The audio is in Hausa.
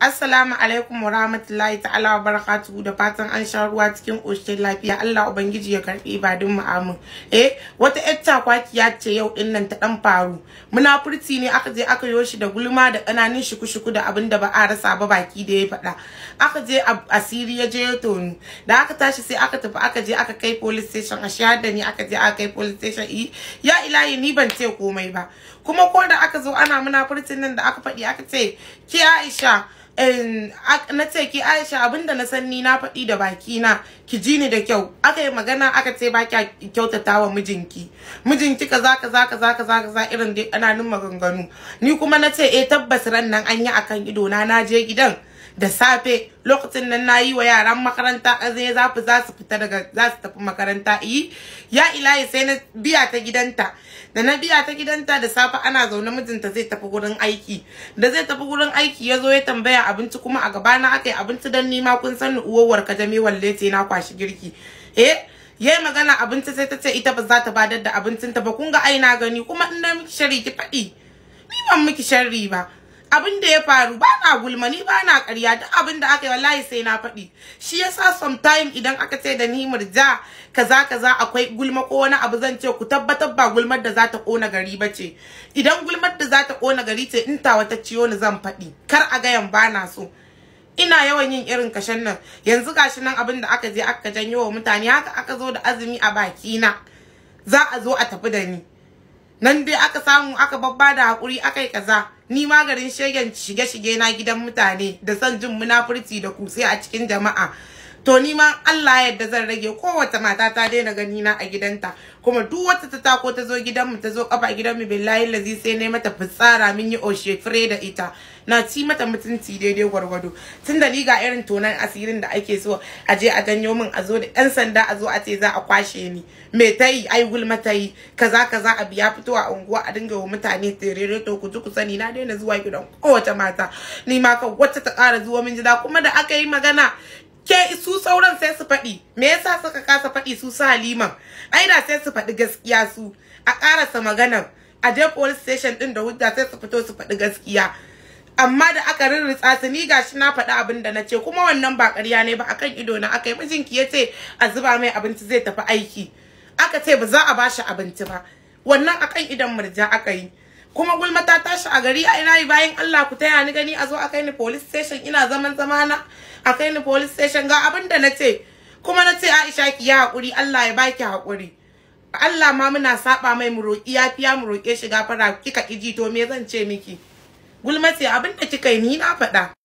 Assalamu alaikum wa ta'ala wa barakatuhu da fatan an sha ruwa cikin ƙoshin lafiya Allah ubangiji ya karbi ibadun mu amin eh wata yar takwakiya ce yau din nan ta dan faru muna furti ne aka je aka yo shi da gulma da kananin shuku-shuku da abin da ba a rasa ba baki da ya faɗa aka je asiri ya je ya tonu da aka tashi sai aka tafi aka je aka kai police station a shahada ni aka je aka kai police station ya ilahi ni ban ce komai ba kuma ko da aka zo ana munafurcin nan da aka faɗi aka ce ki Aisha na ce ki Aisha abinda na san ni na faɗi da baki na ki ji ni da kyau aka yi magana aka ce ba kya kyautata wa mijinki mijinki kaza kaza kaza kaza kaza irin dai maganganu ni kuma na ce eh tabbas ran nan an yi akan ido na na je gidan da safe lokacin nan na yi wa yaran makaranta a zai za su fita daga za su tafi makaranta yi ya ilahi sai na biya ta gidanta da na biya ta gidanta da safe ana zaune mijinta zai tafi gurin aiki da zai tafi gurin aiki ya zo ya tambaya abinci kuma a gaba na aka yi abinci don nima kun san ni uwar ka jami walle ce na kwashi girki eh yayi magana abinci sai ta ce ita ba za ta badar da abincinta ba kun ga aina na gani kuma in na miki shari ki faɗi ni ban miki sharri ba abin da ya faru ba na gulma ni ba na ƙarya duk abin da aka yi wallahi sai na faɗi shi yasa sometime idan aka ce da ni murja kaza kaza akwai gulma ko wani abu zan ce ku tabbatar ba gulmar da za ta ƙona gari ba ce idan gulmar da za ta ƙona gari ce in ta wata ciyo ni zan faɗi kar a gayan ba na so ina yawan yin irin kashen nan yanzu gashi nan abin da aka je aka janyo wa mutane haka aka zo da azumi a baki na za a zo a tafi da ni nan dai aka samu aka babba da haƙuri aka yi kaza ni ma garin shegen shige-shige na gidan mutane da son jin munafurci da kusai a cikin jama'a to ni ma Allah yadda zan rage kowace mata ta daina gani na a gidanta kuma duk wata ta tako ta zo gidanmu ta zo kafa gidanmu billahi lazi sai ne mata fitsara mun yi oshe fure da ita na ci mata mutunci daidai gwargwado tunda ni ga irin tonan asirin da ake so a je a janyo min a zo da yan sanda a zo a ce za a kwashe ni me ta yi ai gulma ta yi kaza kaza a biya fito a unguwa a dinga wa mutane terere to ku ji ku sani na daina zuwa gidan kowace mata ni ma ka wacce ta kara zuwa min gida kuma da aka yi magana ke su sauran sai su faɗi me yasa suka kasa faɗi su sa haliman ai da sai su faɗi gaskiya su a ƙarasa maganar a je police station ɗin da hujja sai su fito su faɗi gaskiya amma da aka rirritsa su ni gashi na faɗi abin da na ce kuma wannan ba ƙarya ne ba akan ido na aka yi mijinki ya ce a zuba mai abinci zai tafi aiki aka ce ba za a shi abinci ba wannan akan idon murja aka yi kuma gulma ta tashi a gari a ina yi bayan Allah ku taya ni gani a zo a kai ni police station ina zaman zamana a kai ni police station ga abin da na ce kuma na ce Aisha ki ya hakuri, Allah ya baki haƙuri Allah ma muna saba mai mu roƙi yafiya mu roƙe shi gafara kika kiji to me zan ce miki gulma ce abin da kika yi ni na faɗa